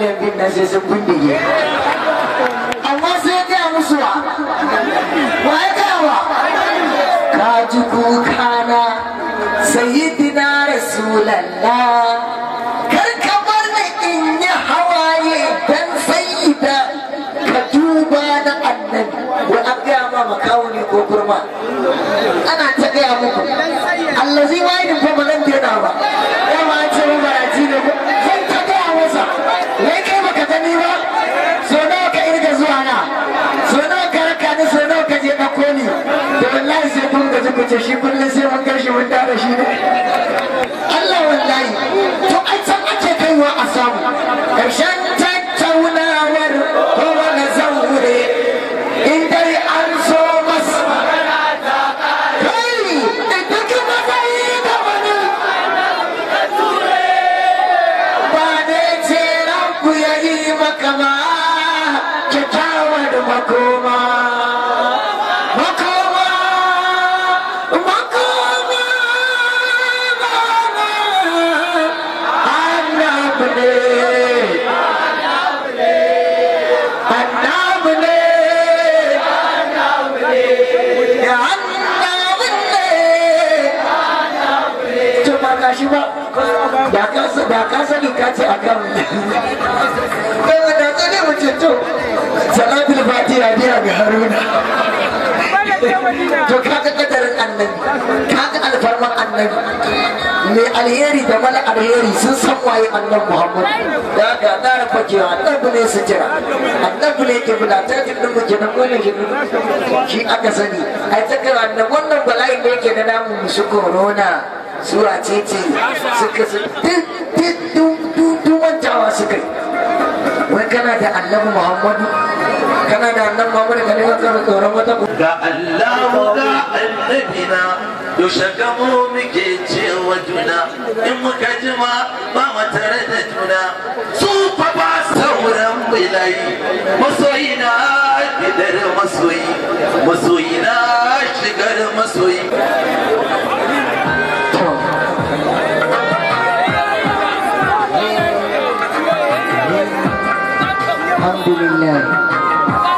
laifin nan sai sun bindige amma sai gaya musu wa wa ya gaya wa ka ji kuka kukana sayyidina rasulallah kar ka bar ni in yi hawaye dan sayyida ka duba na annabi wa an gaya ma ne ko kurma ana ta gaya muku allazi wa'idin fa ba zan daina ba ku ce shi kullum sai mun kai shi mun tara shi ne da ka sani ka ce akan dawa da ta ne mace to salatul fatiha biya ga haruna to kaga kadarin annabi kaga alfarman annabi mai alheri da mala alheri sun san waye annan Muhammadu. da ga na rufa kewa annabi ne su jira annabi ne ke bula ta jin dubu ke nan wannan ke shi aka sani ai ta kira annan wannan bala'in da yake na namu su corona sura ce ce suka su duk kana da annabi muhammadu kana da annabi muhammadu ka nema tsaron tsoron wata ga allahu ga annabina yaushe mu muke cewa juna in muka jima ba mu tare da juna su fa ba sauran bilai masoyina gidar masoyi masoyina shigar masoyi Alhamdulillah.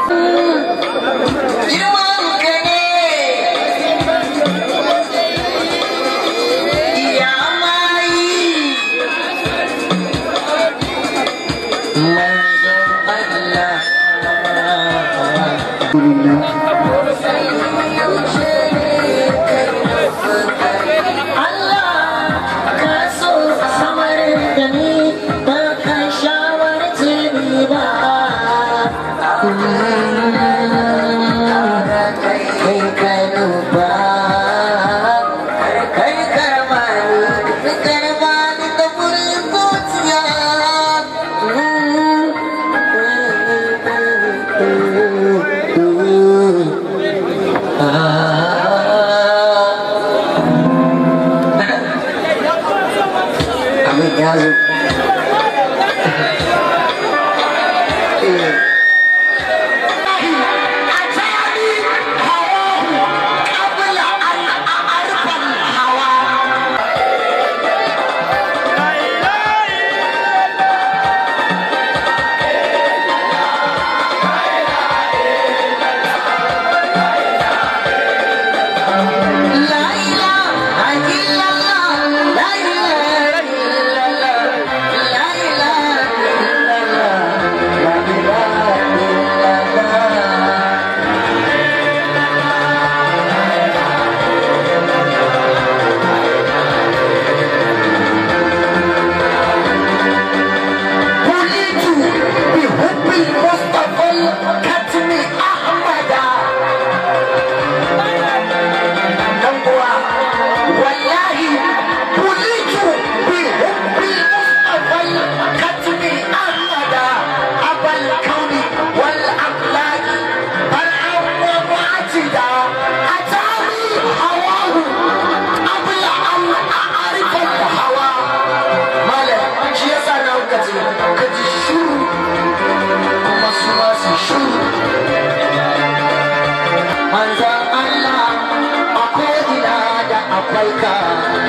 Maitá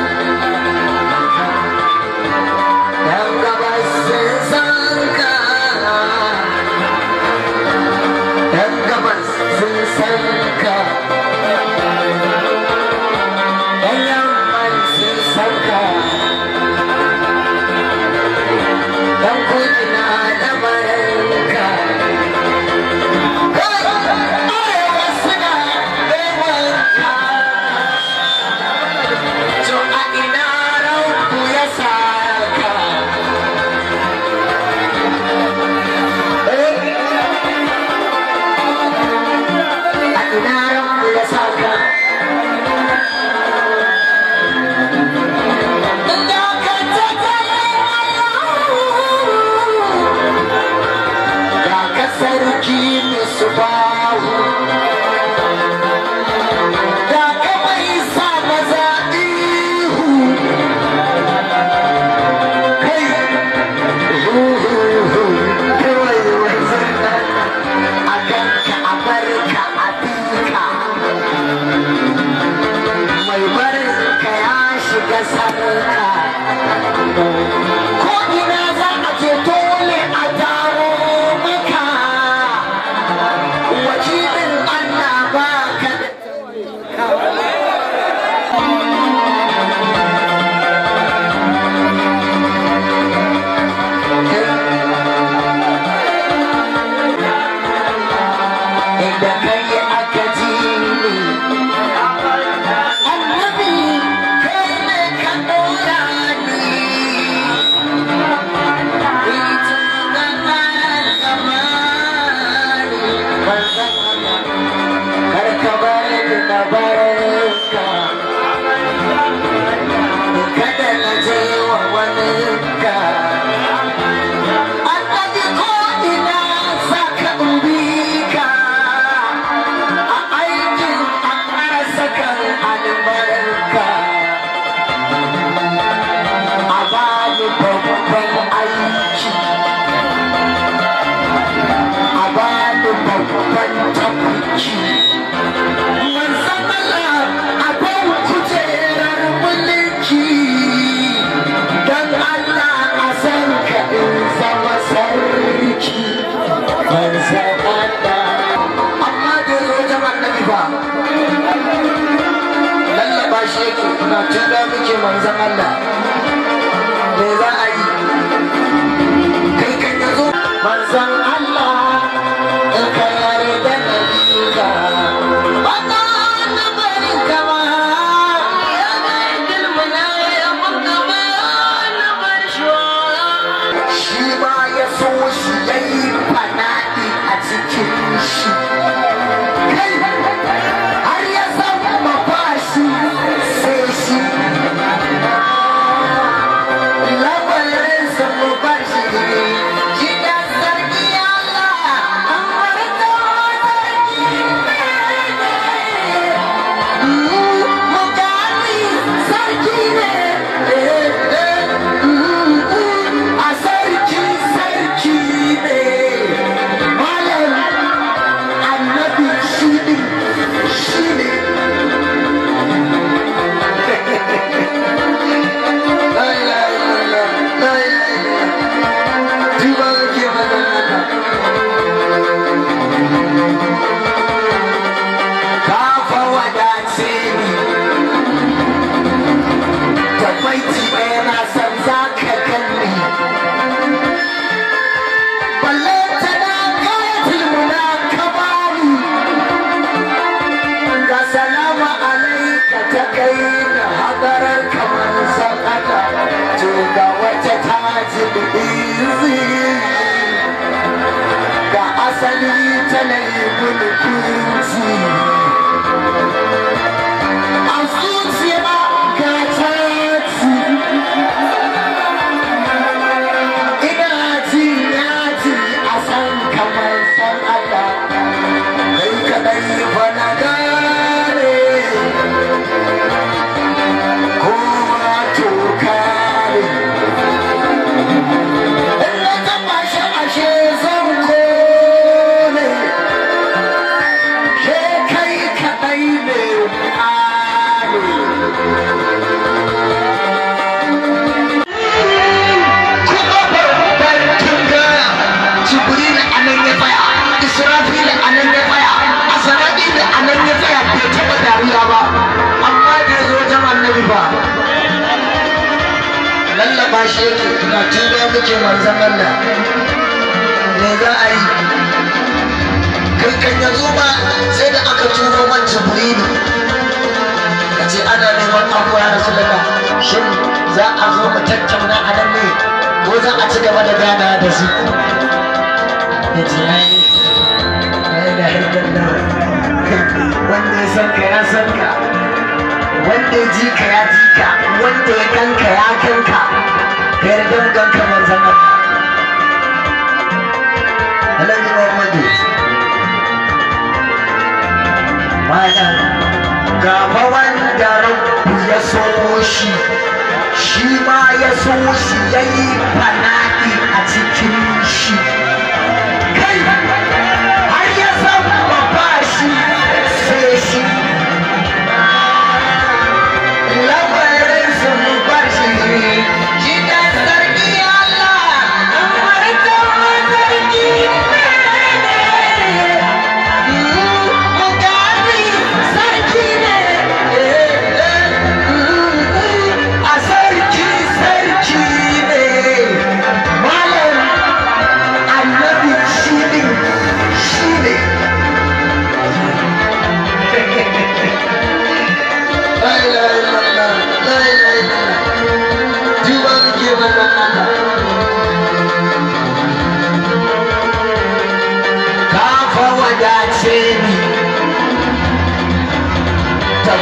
ba tun da muke manzan ta kai na hadarar kamar sakata ce ga wata tajin izi da asali ta na yi kake manzan Allah me za a yi kai kan ya zo ba sai da aka tufa man jibrilu a ce ana neman abu ya daga. shin za a zo mu tattauna a nan ne ko za a ci gaba da gana da su ya ce ya yi ya yi da wanda ya san ka ya san ka wanda ya ji ka ya ji ka wanda ya kanka ya kanka kai da gangan kamar sallam alhaji wanda rabu ya so shi shi ma ya so shi ya yi fana'i a cikin shi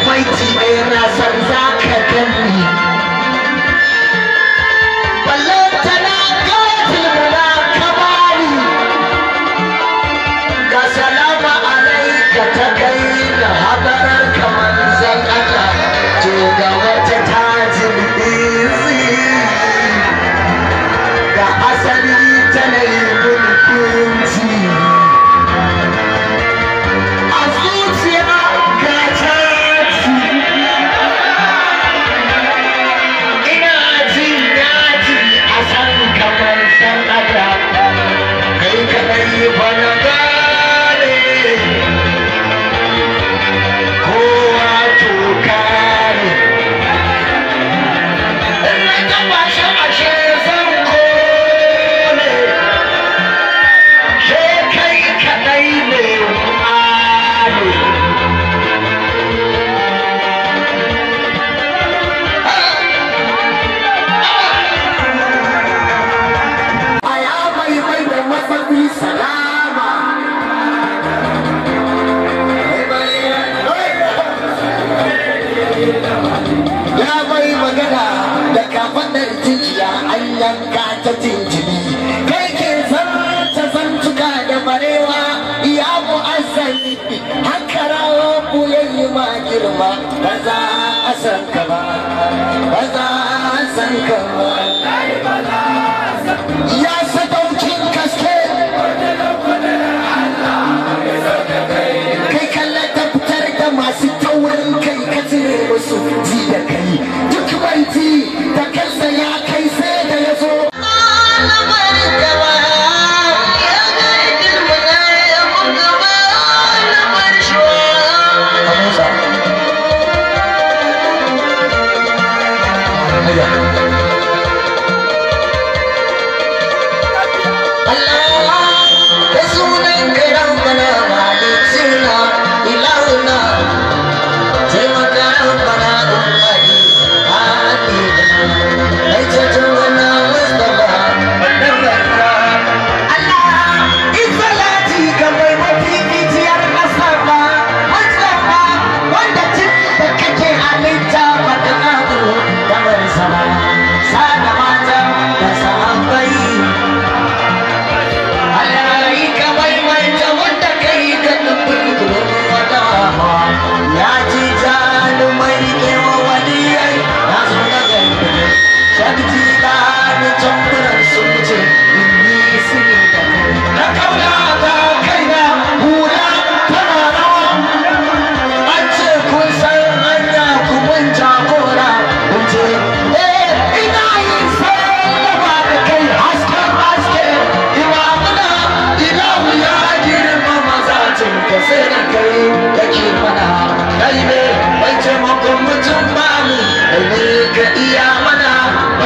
mighty air, I kai ke garkin zanta zantuka da barewa ya mu asali haka rawa ku yayi ma girma ba za a san ka ba ba za a san ka ba ya sadaukin kaske kai kalla ta fitar da masu taurin kai da kai duk mai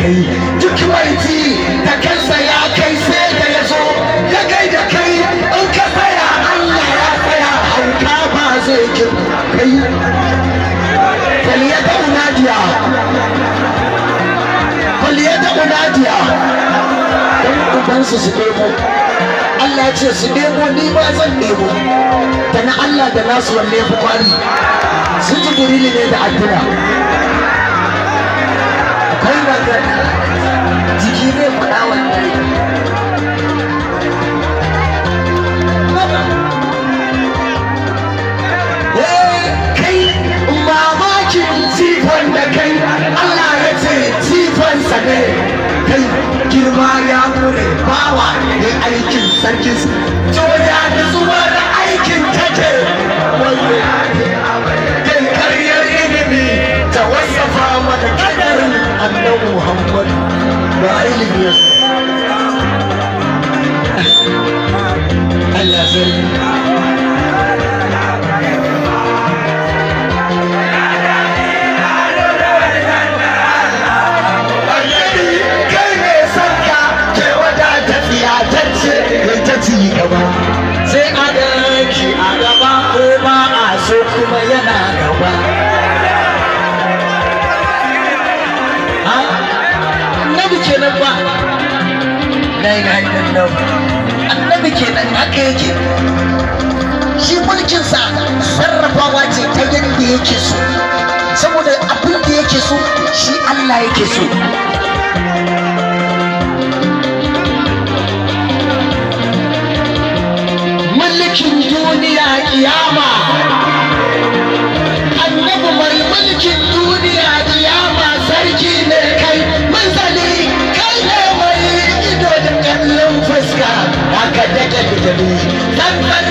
kai duk warji da kansa ya kai sai da ya zo ya kai da kai in ka tsaya Allah ya tsaya hauka ba zai girma kai faliyata unadiya faliyata unadiya don ubansu su nemo Allah ya ce su nemo ni ba zan nemo da na Allah da nasu wanne ya fi kwari sun ji ne da addu'a bawa ne aikin sarkin su joja da zuwa da aikin take yin karyar ilimi ta wasafa mata kadarin annabi muhammadu ba ilimi Allah sarki haka yake mulkin mulkinsa sarrafawa ce ta yadda yake so saboda abin da yake so shi Allah yake so addicted to the news.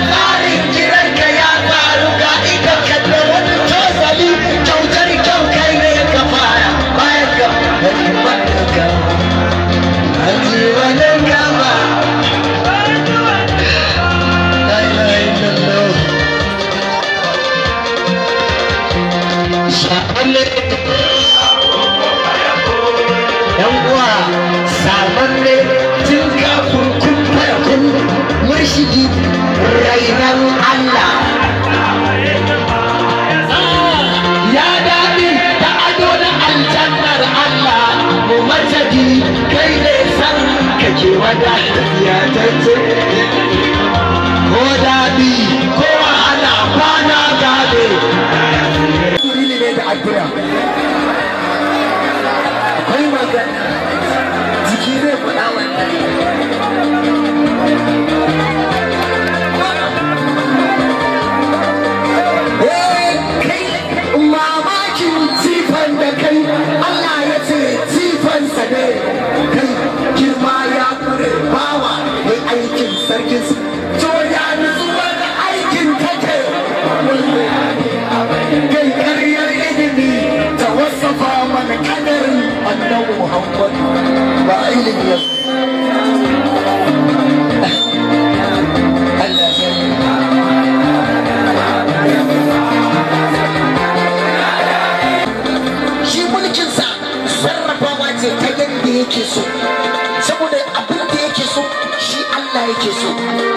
ciki rainan Allah ya daɗi da ado na aljannar Allah mu mataki kai ne san kake wada ya tattu ko daɗi ko ana kwana gade akwai magana jiki zai ba ilimi ya Allah shi mulkinsa sarrafa ce ta yadda yake so saboda abin da yake so shi Allah yake so